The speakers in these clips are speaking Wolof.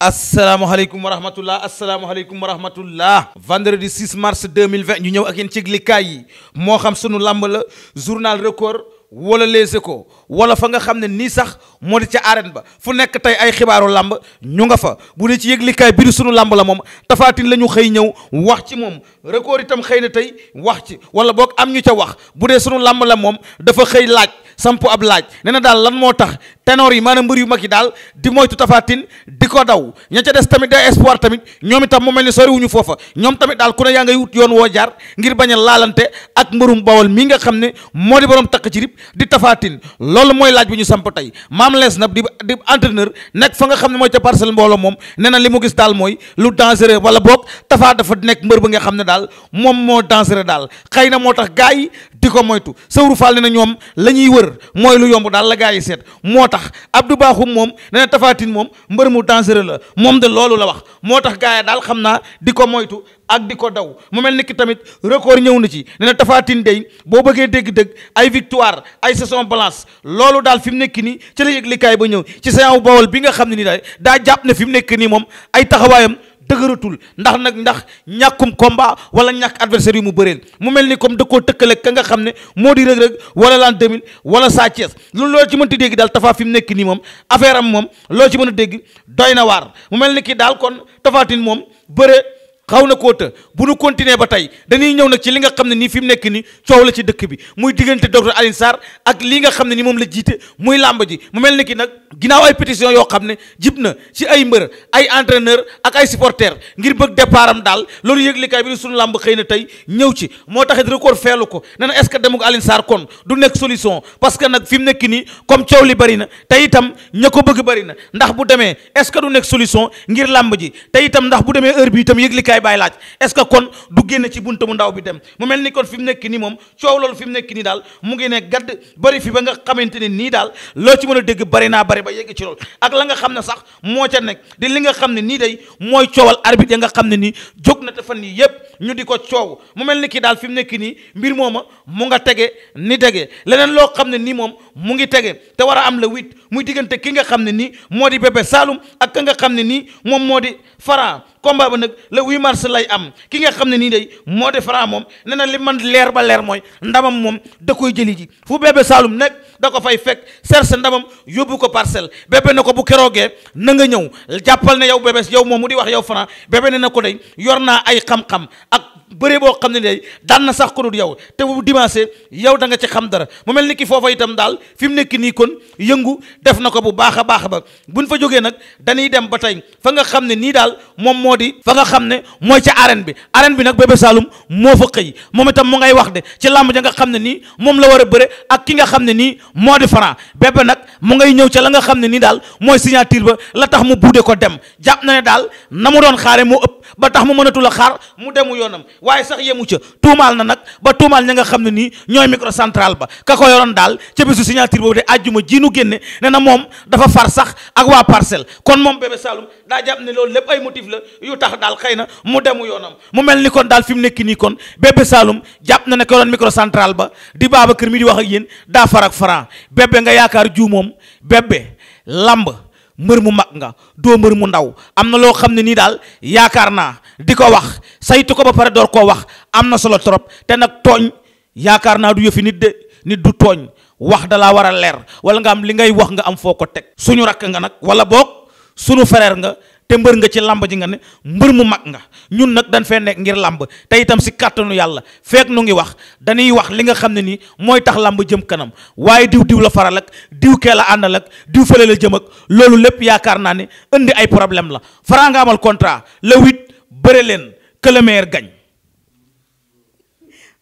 asalaamaaleykum wa rahmatullah asalaamaaleykum wa rahmatullah vendredi 6 mars 2020 ñu ñëw ak yéen ci yëglikaay yi moo xam sunu làmb la journal record wala Les Échos wala fa nga xam ne nii sax moo di ca arène ba fu nekk tey ay xibaaru làmb ñu nga fa bu dee ci yëglikaay biir sunu làmb la moom tafaatin la ñu xëy ñëw wax ci moom record itam xëy na tey wax ci wala boog am ñu ca wax bu dee sunu làmb la moom dafa xëy laaj samp ab laaj nee na daal lan moo tax ténor yi maanaam mbër yu mag yi daal di moytu tafaatin di ko daw ña ca des tamit day espoir tamit ñoom itam mu mel ni soriwuñu foofa ñoom tamit daal ku ne yaa ngay wut yoon woo jaar ngir bañ a laalante ak mbërum bawol mii nga xam ne moo di borom takk ci di tafaatin loolu mooy laaj bi ñu samp tey maam lees nag di di entraîneur nekk fa nga xam ne mooy ca parcelle mbooloo moom nee na li mu gis daal mooy lu dangereux wala boog tafaa dafa nekk mbër ba nga xam ne daal moom moo dangereux daal xëy na moo tax gaa yi di ko moytu sawru faal ne na ñoom la ñuy wër mooy lu yomb daal la gaa yi seet moo tax tax Abdou Bakhoum moom nee na tafaatin moom mbër mu dangereux la moom de loolu la wax moo tax gars yi daal xam naa di ko moytu ak di ko daw mu mel ni ki tamit record ñëw na ci nee na tafaatin day boo bëggee dégg-dégg ay victoire ay saison balance loolu daal fi mu nekk nii ci la yëglikaay ba ñëw ci saison bawol bi nga xam ne ni daal daa jàpp ne fi mu nekk nii moom ay taxawaayam dëgëratul ndax nag ndax ñàkkum combat wala ñàkk adversaire yu mu bëreel mu mel ni comme da koo tëkkale ka nga xam ne moo di Reug Reug wala l'an 2000 wala Sa Thiès loolu loo ci mënti dégg daal Tapha fi mu nekk nii moom affaire am moom loo ci mën a dégg doy na waar mu mel ni kii daal kon Tapha Tine moom bëre xaw na koo të bu nu continuer ba tey dañuy ñëw nag ci li nga xam ne nii fi mu nekk nii coow la ci dëkk bi muy diggante docteur Alioune Sarr ak li nga xam ne ni moom la jiite muy làmb ji mu mel ni ki nag ginnaaw ay pétition yoo xam ne jib na ci ay mbër ay entraîneur ak ay supporters ngir bëgg départ am daal loolu yëglikaay bi suñu làmb xëy na tey ñëw ci moo taxit record feelu ko ne na est-ce que demuk Alioune Sarr kon du nekk solution parce que nag fi mu nekk nii comme coow li bëri na te itam ña ko bëgg bëri na ndax bu demee est-ce que du nekk solution ngir làmb ji te itam ndax bu demee heure bi itam yëglikaay baay laaj est-ce que kon du génn ci buntu bu ndaw bi dem mu mel ni kon fi mu nekk nii moom coow loolu fi nekk nii daal mu ngi ne gadd bëri fi ba nga xamante ne nii daal loo ci mën a dégg bëri naa bari ba yegg ci loolu ak la nga xam ne sax moo ca nekk di li nga xam ne nii day mooy coowal arbitre ya nga xam ne nii jóg na te fan yii yépp ñu di ko coow mu mel ni kii daal fi mu nekk nii mbir mooma mu nga tege ni tege leneen loo xam ne nii moom mu ngi tege te war a am la huit muy diggante ki nga xam ne nii moo di Bébé Saloum ak ka nga xam ne nii moom moo di Franc combat ba nag le 8 mars lay am ki nga xam ne nii day moo di Franc moom nee na li man leer ba leer mooy ndamam moom da koy jëli ji fu bébé Saloum nekk da ko fay fekk sa ndamam yóbbu ko parcelle bébé na ko bu keroogee na nga ñëw jàppal na yow bébé yow moom mu di wax yow Franc bébé ne na ko day yor naa ay xam-xam ak bëre boo xam ne day daan na sax ko dul yow te bu dimanche yow da nga ci xam dara mu mel ni ki foofa itam daal fi mu nekk nii kon yëngu def na ko bu baax a baax ba buñ fa jógee nag dañuy dem ba tey fa nga xam ne nii daal moom moo di fa nga xam ne mooy ca arène bi arène bi nag Bébé Saloum moo fa xëy moom itam mu ngay wax de ci làmb ja nga xam ne nii moom la war a bëre ak ki nga xam ne nii moo di Franc Bébé nag mu ngay ñëw ca la nga xam ne nii daal mooy signature ba la tax mu buude ko dem jàpp na ne daal na mu doon xaare moo ëpp ba tax mu mënatul a xaar mu demu yoonam waaye sax yemu ca tuumaal na nag ba tuumaal ña nga xam ne nii ñooy microcentral ba ka ko yoroon daal ca bisu signature boobu de àjjuma ji nu génne ne na moom dafa far sax ak waa parcelle kon moom bébé saalum daa jàpp ne loolu lépp ay motif la yu tax daal xëy na mu demu yoonam mu mel ni kon daal fi mu nekk nii kon bébé saalum jàpp na ne ko yoroon microcentral ba di baaba kër mi di wax ak yéen daa far ak Franc bébé nga yaakaar ju moom bébé lamb mbër mu mag nga doo mbër mu ndaw am na loo xam ne nii daal yaakaar naa di ko wax saytu ko ba pare door koo wax am na solo trop te nag tooñ yaakaar naa du yëfi nit de nit du tooñ wax dalaa war a leer wala nga am li ngay wax nga am foo ko teg suñu rakk nga nag wala boog suñu frère nga te mbër nga ci làmb ji nga ne mbër mu mag nga ñun nag dañ fee nekk ngir làmb tey itam si kàttanu yàlla feek nu ngi wax dañuy wax li nga xam ne nii mooy tax làmb jëm kanam waaye diw diw la faral ak diw kee la àndal ak diw fële la jëm ak loolu lépp yaakaar naa ne indi ay problème la Franc nga amal contrat le huit bëre leen que gañ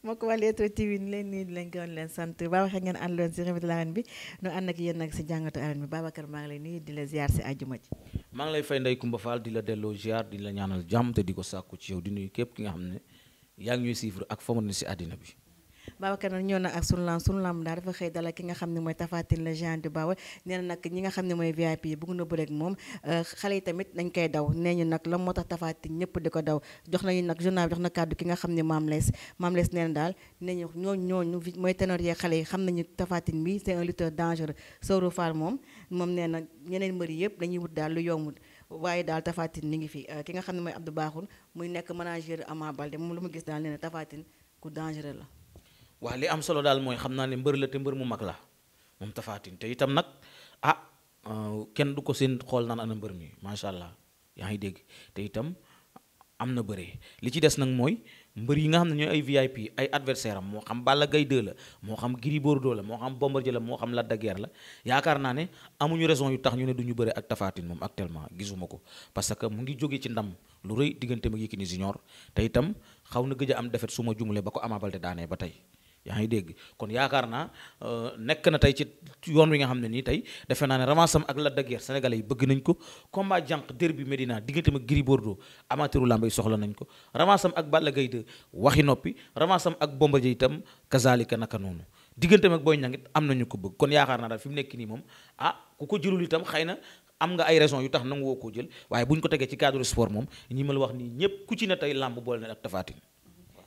moo ko waa Leewtoo TV ni leen nii leen gërëm leen sant Babacar ngeen àndoon si revue de l'arène bi nu ànd ak yéen nag si jàngatu arène bi Babacar maa ngi lay nuyu di la ziar ci àjjuma ji maa ngi lay fay Ndeye Coumba Fall di la delloo ziar di la ñaanal jàmm te di ko sàkku ci yow di nuyu képp ki nga xam ne yaa ngi ñuy suivre ak fa mu si àddina bi Babacar nag ñëw na ak sunu lamb sunu lamb daal dafa xëy dalal ki nga xam ne mooy Tapha Tine le géant du Baol nee na nag ñi nga xam ne mooy VIP yi bëgg na bëre ak moom euh, xale yi tamit dañ koy daw nee ñu nag lan moo tax Tapha ñëpp di ko daw jox nañu nag journal bi jox na kàddu ki nga xam ne Mame Less Mame Less daal nee ñu ñooñu ñooñu mooy ténor yee xale yi xam nañu Tapha Tine bi c'est un lutteur dangereux Soro Fall moom moom nee na ñeneen mbër yëpp dañuy wut daal lu yombul waaye daal tafaatin Tine ngi fi euh, ki nga xam ne mooy Abdou baaxul muy nekk manager Ama Baldé moom lu mu gis daal nee na Tapha ku dangereux la waaw li am solo daal mooy xam naa ne mbër la te mbër mu mag la moom tafaatin te itam nag ah euh, kenn du ko seen xool naan ana mbër mi macha allah yaa ngi dégg te itam am na bëree li ci des nag mooy mbër yi nga xam ne ñooy ay VIP ay adversaire am moo xam bala Gaye la moo xam giri Bordeaux la moo xam Bombardier la moo xam Lac de la yaakaar naa ne amuñu raison yu tax ñu ne duñu bëre ak tafaatin moom actuellement gisuma ko parce que mu ngi jóge ci ndam lu rëy diggante mag Yékini Junior te itam xaw na gëj am defet su ma jumale ba ko Ama daanee ba tey yaa ngi dégg kon yaakaar naa euh, nekk na tey ci yoon wi nga xam ne nii tey defe naa ne ramassam ak Lac de Guiers yi bëgg nañ ko comme combat jànq derby Médina diggante ma gri Bordeaux amateuru làmb yi soxla nañ ko ramassam ak Balla Gaye 2 waxi noppi ramassam ak Bombardier itam kazalika naka noonu diggante mag Boy Niang it am nañu ko bëgg kon yaakaar naa daal fi mu nekk nii moom ah ku ko jëlul itam xëy na am nga ay raison yu tax nangu woo koo jël waaye bu ñu ko tegee ci cadre sport moom la wax nii ñépp ku ci tey làmb boole na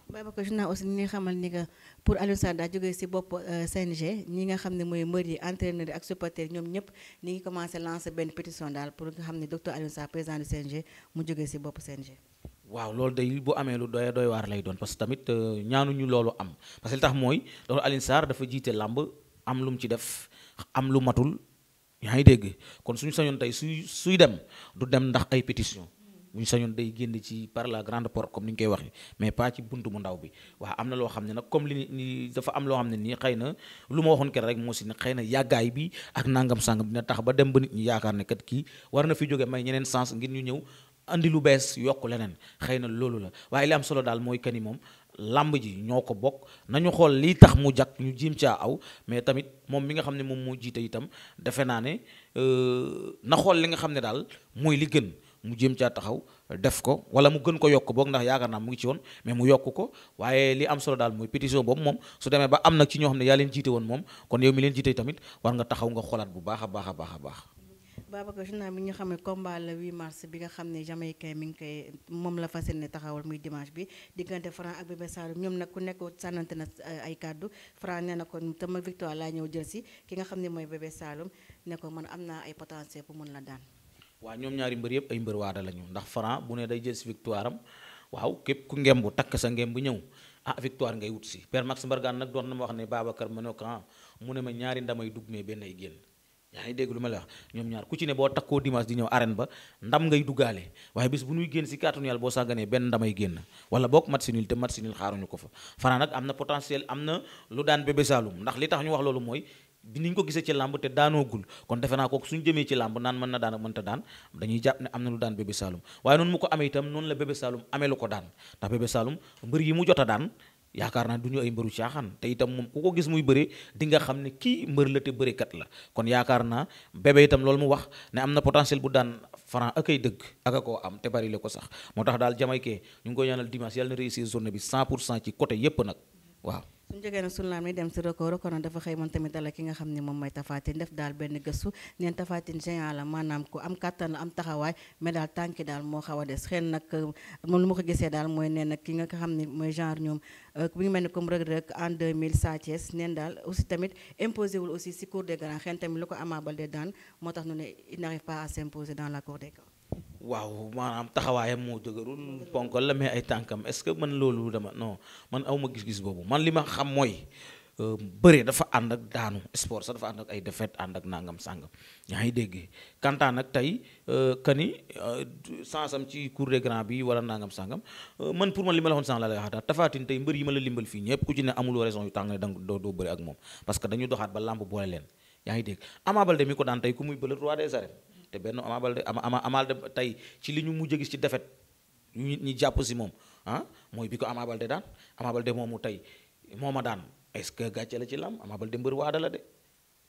Babacar Juna aussi ni nga xamal ni que pour Aliou Sarr daa jógee si bopp euh, CNG ñi nga xam ne mooy mbër yi entraîneur ak supporter ñoom ñëpp ni ngi commencé lancer benn pétition daal pour nga xam ni docteur Aliou Sarr président du CNG mu jógee si bopp CNG. waaw loolu day bu amee lu doy doy waar lay doon parce que tamit euh, ñaanuñu loolu am parce que li tax mooy loolu Aliou Sarr dafa jiite làmb am lu mu ci def am lu matul yaa ngi dégg kon suñu sañoon tey suy suy dem du dem ndax ay pétition buñ sañoon day génn ci par la grande porte comme ni ñu koy waxee mais pas ci bunt bu ndaw bi waaw am na loo xam ne comme li ni dafa am loo xam ne nii xëy na lu ma waxoon ker rek moo si ne xëy na yàggaay bi ak nangam sàngam dina tax ba dem ba nit ñi yaakaar ne kat kii war na fi jóge may ñeneen sens ngir ñu ñëw andi lu bees yokk leneen xëy na loolu la waaye li am solo daal mooy kani moom làmb ji ñoo ko bokk nañu xool lii tax mu jag ñu jiim caa aw mais tamit moom mi nga xam ne moom moo jiite itam defe naa ne euh, na xool li nga xam ne daal mooy li gën mu jéem caa taxaw def ko wala mu gën ko yokk boog ndax yaakaar naa mu ngi ci woon mais mu yokk ko waaye li am solo daal mooy pétition boobu moom su demee ba am nag ci ñoo xam ne yaa woon moom kon yow mi leen jiite tamit war nga taxaw nga xoolaat bu baax a baax baax a baax Babacar journal bi ñu xam ne combat le 8 bi nga xam ne Jamaïcain mi ngi koy moom la fas yéene taxawal muy dimanche bi diggante Franc ak Bébé Saloum ñoom nag ku nekk sànnante na euh, ay kàddu Franc nee na ko tama victoire laa ñëw jël si ki nga xam ne mooy Bébé Saloum ne ko man am naa ay potentiel pour mën la daan waaw ñoom ñaari mbër yëpp ay mbër waada lañu ndax Franc bu ne day jël si victoire am waaw képp ku ngemb takk sa ngemb bu ñëw ah victoire ngay wut si Père Max Mbargane nag doon na ma wax ne Babacar ma ne ko ah, mu ne ma ñaari ndamay dugg mais benn ay génn yaa ngi dégg lu ma la wax ñoom ñaar ku ci ne boo takkoo dimanche di ñëw arène ba ndam ngay duggaale waaye bis bu ñuy génn si kàttanu yàlla boo sàgganee benn ndamay génn wala boog match nul te match nul ko fa Franc nag am na potentiel am na lu daan bébé Saloum li tax ñu wax loolu mooy bi niñ ko gisee ci làmb te daanoogul kon defe naa kooku suñ jëmee ci làmb naan mën na daan ak mënta daan dañuy jàpp ne am na lu daan bébé Saloum waaye noonu mu ko amee itam noonu la bébé Saloum amee lu ko daan ndax bébé Saloum mbër yi mu jot a daan yaakaar naa du ñu ay mbëru caaxaan te itam moom ku ko gis muy bëre di nga ne kii mbër la te bërekat la kon yaakaar naa bébé itam loolu mu wax ne am na potentiel bu daan franc ak ay dëgg ak a koo am te bari la ko sax moo tax daal jamay kee ñu ngi koy ñaanal dimanche yàlla na réussir journée bi 100 pour cent ci côté yépp nag waaw suñu jógee nag suñu laam ni dem si record record na dafa xëy moom tamit dala ki nga xam ne moom mooy tafaatin def daal benn gëstu neen tafaatin géant la maanaam ku am kàttan la am taxawaay mais daal tànki daal moo xaw a des xëy nag euh, moom lu ma ko gisee daal mooy nee nag ki nga xam ne mooy genre ñoom bu euh, ngi mel ni comme Reug Reug en 2000 Sa Thiès neen daal aussi tamit imposé wul aussi si cour des grands xëy tamit lu ko Ama Baldé daan moo tax ñu ne il n'arrive pas dans la waaw maanaam taxawaayam moo dëgërul ponkal la mais ay tànkam est-ce que man loolu dama no man awma gis-gis boobu man li ma xam mooy euh, bëre dafa ànd ak daanu sport sax dafa ànd ak ay défaite ànd ak nangam sàngam yaa ngi dégg kantaan nag tey kani euh, euh, sansam ci cour des grands bi wala nangam sàngam man pour man li ma la waxoon la lay waxaat tafaatin tey mbër yi ma la limbal fii ñëpp ku ci ne amuloo raison yu tàng ne danga doo doo ak moom parce que dañu doxaat ba làmb boole leen yaa ngi dégg Ama Baldé mi ko daan tey te benn Ama Baldé ama ama Ama Baldé tey ci li ñu mujj gis ci defet ñu ñi jàpp si moom ah mooy bi ko Ama Baldé daan Ama Baldé moomu tey moo ma daan est-ce que gàcce la ci lam Ama de mbër waada de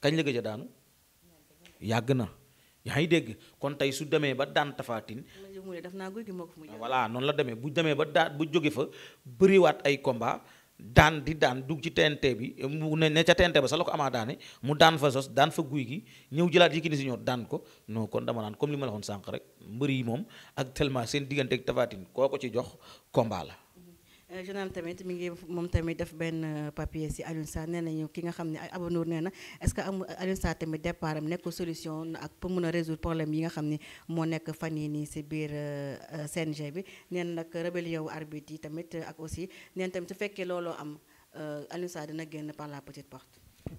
kañ la gëj a daanu yàgg na yaa ngi dégg kon tey su demee ba daan tafaatin voilà noonu la demee bu demee ba daan bu jóge fa bëriwaat ay komba daan di daan dugg ci TNT bi mu ne ne ca TNT ba sax la ko amaa daane mu daan fa sos daan fa guy gi ñëw jëlaat Yékini si ñor daan ko non kon dama naan comme li ma la waxoon sànq rek mbër yi moom ak tellement seen diggante ak Tapha Tine koo ko ci jox combat la Euh, journal tamit mi ngi moom tamit def benn euh, papier si Alioune Sarr nee ki nga xam ne Abanour nee na est-ce que am Alioune Sarr tamit départ am nekkul solution ak pour mun a résoudre problème yi nga xam ni moo nekk fan yii nii si biir euh, g bi nee nag rébellion wu arbitre yi tamit ak aussi neen tamit su fekkee looloo am Alioune Sarr dina génn par la petite porte.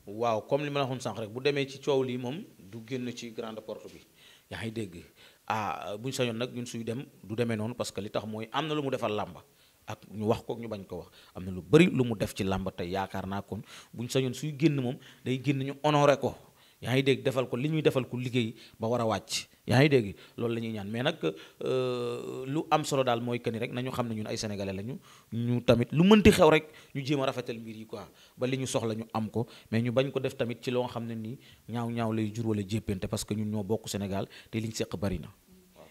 waaw comme li ma la waxoon sànq rek bu demee ci coow lii moom du génn ci grande porte bi yaa ngi dégg ah bu ñu sañoon nag ñun suy dem du demee noonu parce que li tax mooy am na mu defal làmba. ak ñu wax ko ñu bañ ko wax am na lu bari lu mu def ci làmb tey yaakaar naa kon bu buñ sañoon suy génn moom day génn ñu honoré ko yaa ngi dégg defal ko li ñuy defal ko liggéey ba war a wàcc yaa ngi dégg loolu la ñuy ñaan mais nag euh, lu am solo daal mooy que rek na nañu xam ne ñun ay senegale lañu ñu tamit lu mënti xew rek ñu jéem a rafetal mbir yi quoi ba li ñu soxla ñu am ko mais ñu bañ ko def tamit ci loo xam ne nii ñaaw ñaaw lay jur wala jéppante parce que ñun ñoo bokk Sénégal te liñ seq bari na.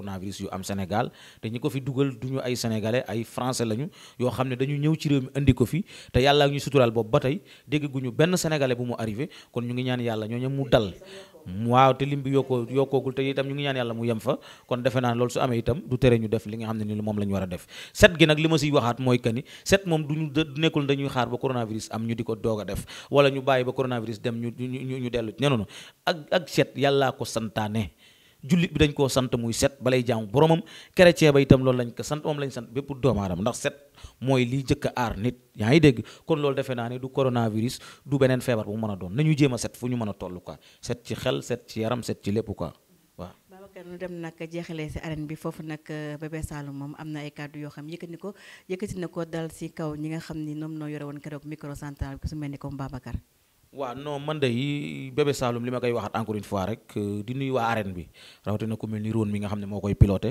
coronavirus yu am Sénégal te ñi ko fi dugal lañu ko fi te yàlla ba tey dégg guñu benn sénégalais bu mu arrivé kon ñu ngi ñaan yàlla ñooñu mu dal. waaw te lim bi yokkoo yokkoogul te itam ñu la ñu war a def set gi nag li ma siy waxaat mooy que set moom du nekkul dañuy xaar ba coronavirus am ñu di ko doog a def wala ñu bàyyi ba coronavirus dem ñu ñu ñu dellu ne noonu ak ak set yàllaa ko santaane jullit bi dañ koo sant muy set balay jaamu boromam chrétien ba itam loolu lañ ko sant moom lañ sant bépp doomu aadama ndax set mooy liy njëkk aar nit yaa ngi dégg kon loolu defe naa ne du coronavirus du beneen feebar bu mën a doon nañu jéem a set fu ñu mën a toll quoi set ci xel set ci yaram set ci lépp quoi waaw. Babacar ñu dem nag jeexalee si arène bi foofu nag euh, Bébé Saloum moom am na ay kàddu yoo xam yëkkati ko yëkkati na ko dal si kaw ñi nga xam ni ñoom noo yore woon keroog micro central bi ni comme Babacar. waaw non man de yi Bébé Saloum li ma koy waxaat encore fois rek euh, di nuyu waa arène bi rawatina ku mel ni Ron mi nga xam ne moo koy piloté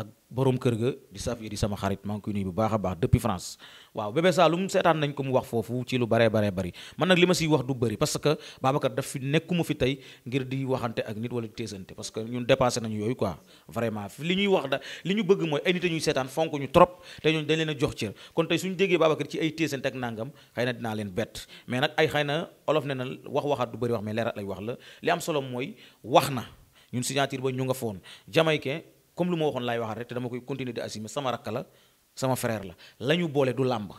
ak borom kër ga di saf di sama xarit maa ngi koy bu baax a France waaw bébé Saloum seetaan nañ ko mu wax foofu ci lu baree baree bari man nag li ma siy wax du bëri parce que Babacar daf fi nekkuma fi tey ngir di waxante ak nit wala di teesante parce que ñun dépassé nañu yooyu quoi vraiment li ñuy wax da li ñu bëgg mooy ay nit ñuy seetaan fonk ñu trop te ñooñu dañ leen a jox cër kon tey suñu déggee Babacar ci ay teesante ak nangam xëy na comme lu ma waxoon laay waxaat rek te dama koy continuer di assumer sama rakk la sama frère la la ñu boole du làmb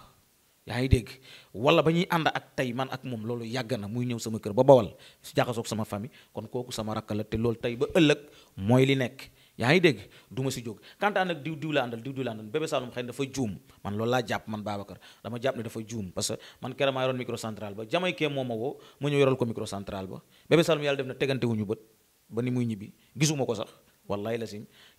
yaa ngi dégg wala ba ñuy ànd ak tey man ak moom loolu yàgg na muy ñëw sama kër ba bawal si jaxasoog sama famille kon kooku sama rakk la te loolu tey ba ëllëg mooy li nekk yaa ngi dégg du ma si jóg kantaan nag diw diw la àndal diw diw la àndal bébé Saloum xëy na dafa juum man loolu laa jàpp man Babacar dama jàpp ne dafa juum parce que man keroog maa yoroon ba jamay kee moo ma woo ma ñëw yoral ko ba bébé Saloum yàlla def na tegante wuñu bët ba ni muy ñibbi gisuma ko sax wallaay la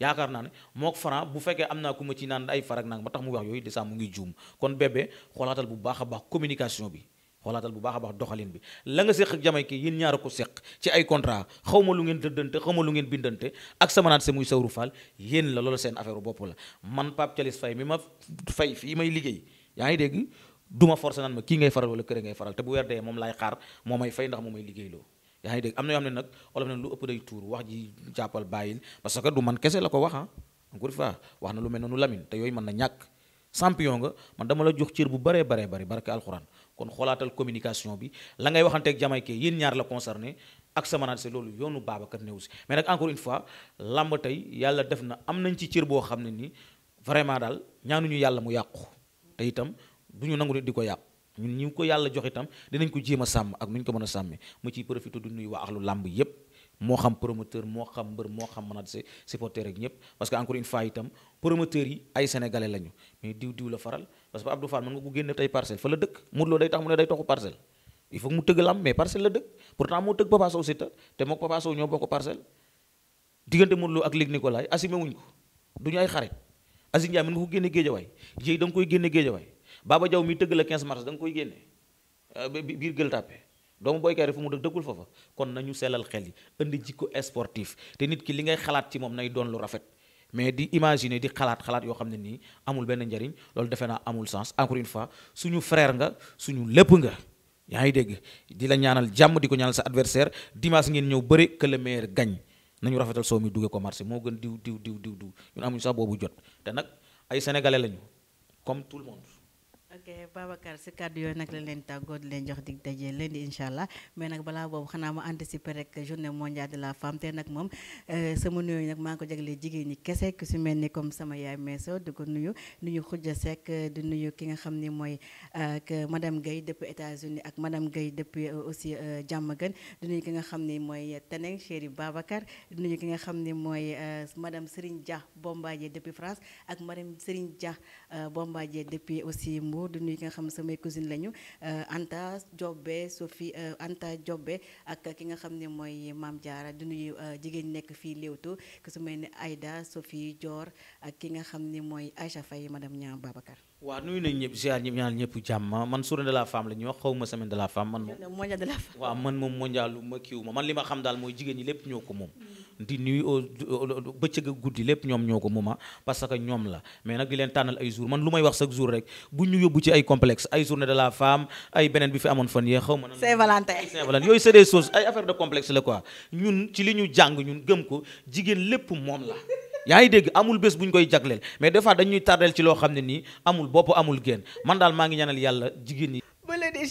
yaakaar naa ne mook Franc bu fekkee am naa ku ma ci naan ay farak nang ba tax mu wax yooyu desaa mu ngi juum kon bébé xoolaatal bu baax a baax communication bi xoolaatal bu baax a baax doxalin bi la nga séq ak kii ki ñaar ñaara ko séq ci ay contrat xaw ma lu ngeen dëddante xaw ma lu ngeen bindante ak sama naat se muy sawru faal yéen la loolu seen affaire bopp la man Pape Thialis Faye mi ma fay fii may liggéey yaa ngi dégg duma forcé naan ma kii ngay faral wala moo may fay ndax moo may liggéeyloo yaa ngi dégg am na yoo xam ne nag olof na lu ëpp day tuur wax ji jàppal bàyyil parce que du man kese la ko wax ah encore une fois wax na lu mel noonu Lamine te yooyu mën na ñàkk champion nga man dama la jox cër bu baree baree bari barke alxuraan kon xoolaatal communication bi la ngay waxanteeg jamaykee yéen ñaar la concerné ak sama naan c'est loolu yoonu Babacar Neew si mais nag encore une fois làmb tey yàlla def na am nañ ci ciir boo xam ne ni vraiment daal ñaanuñu yàlla mu yàqu te itam du ñu nangu di ko yàqu ñun ñi ko yàlla jox itam dinañ ko jéem a sàmm ak nuñ ko mën a sàmmee mu ciy profité du nuyu waa axlu làmb yépp moo xam promoteur moo xam mbër moo xam mën a supporter ak ñëpp parce que encore une fois itam promoteurs yi ay sénégalais lañu mais diw diw la faral parce que Abdou Fall nga ko génne tey parcelle fa la dëkk Modou day tax mu ne day toxu parcelle il faut mu tëgg làmb mais parcelle la dëkk pourtant moo tëgg Papa Sow te mook Papa Sow ñoo bokk parcelle diggante Modou ak Luc Nicolaï assumé ko du ñu ay xarit Aziz Ndiaye mën nga ko génne Baba jaw mi tëgg la quinze mars danga nga koy génne euh, biir gël tàppe doomu boykaar yi fu mu dëggul dëkkul foofa kon nañu sellal xel yi indi jikko sportif te nit ki li ngay xalaat ci moom nay doon lu rafet mais di imagine di xalaat xalaat yoo xam ne nii amul benn njariñ loolu defe naa amul sens encore une fois suñu frère nga suñu lépp nga yaa ngi dégg di la ñaanal jàmm di ko ñaanal sa adversaire dimanche ngeen ñëw bëri que le meilleur nañu rafetal soo mi duggee ko marché moo gën diw diw diw diw diw ñun amuñu sax boobu jot te nag ay lañu comme tout ok Babacar si kàddu yooyu nag lañ leen tàggoo di leen jox dig daje leen di incha allah mais nag balaa boobu xanaa ma anticiper rek journée mondiale de la femme te nag moom euh, sama nuyoo nag maa ngi ko jaglee jigéen ñi kese ku si mel ni comme sama yaay Meso di ko nuyu nuyu Khoudia Seck euh, di nuyu ki nga xam ni mooy euh, madame Guèye depuis États-Unis ak madame Guèye depuis aussi Diamaguène di nuyu ki nga xam ni mooy Teneng chéri Babacar di nuyu ki nga xam ni mooy madam Serigne Dia Bombardier depuis France ak madame Serigne Dia Bombardier depuis aussi Mbour Mbour yi nga xam ne samay cousine lañu euh, Anta Diobé Sophie euh, Anta Diobé ak ki nga xam ne mooy maam jaara di nuyu euh, jigéen ñi nekk fii Leewtoo ku su mel ni Aïda Sophie Dior ak ki nga xam ni mooy Aïcha Faye madame Niang Babacar. waaw nuyu nañ ñëpp ziar ñëpp ñaan ñëpp jàmm man journée de la femme la xaw ma semaine de la femme man moom mondial de man ma man li ma xam daal mooy jigéen ñi lépp ñoo ko moom mm. di nuit au bëccëg ak guddi lépp ñoom ñoo ko muma ah, parce que ñoom la mais nag di leen tànnal ay jour man lu may wax chaque jour rek bu ñu yóbbu ci ay complexe ay journée de la femme ay beneen bi fi amoon fan yee xaw ma yooyu c'est des ay affaire de complexe la quoi ñun ci li ñu jàng ñun gëm ko jigéen lépp moom la yaa ngi dégg amul bés bu ñu koy jagleel mais des fois dañuy tardeel ci loo xam ne nii amul bopp amul génn man daal maa ngi ñaanal yàlla jigéen ñi. ba léegi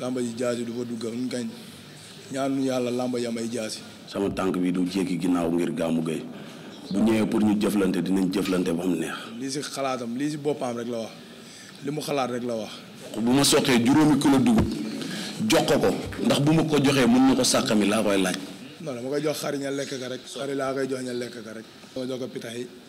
lamba ji jaasi du fa dugg ñun kañ ñaanu yàlla lamba ji am ay jaasi. sama tànk bi du jékki ginnaaw ngir gàmmu gay bu ñëwee pour ñu jëflante dinañ jëflante ba mu neex. lii si xalaatam lii si boppam rek la wax li mu xalaat rek la wax. bu ma soqee juróomi kilo dugub jox ko ko ndax bu ma ko joxee mën na ko sàq mi laa koy laaj. non dama koy jox xari lekk ka rek. xari laa koy jox ña lekk ka rek. dama jox ko pitax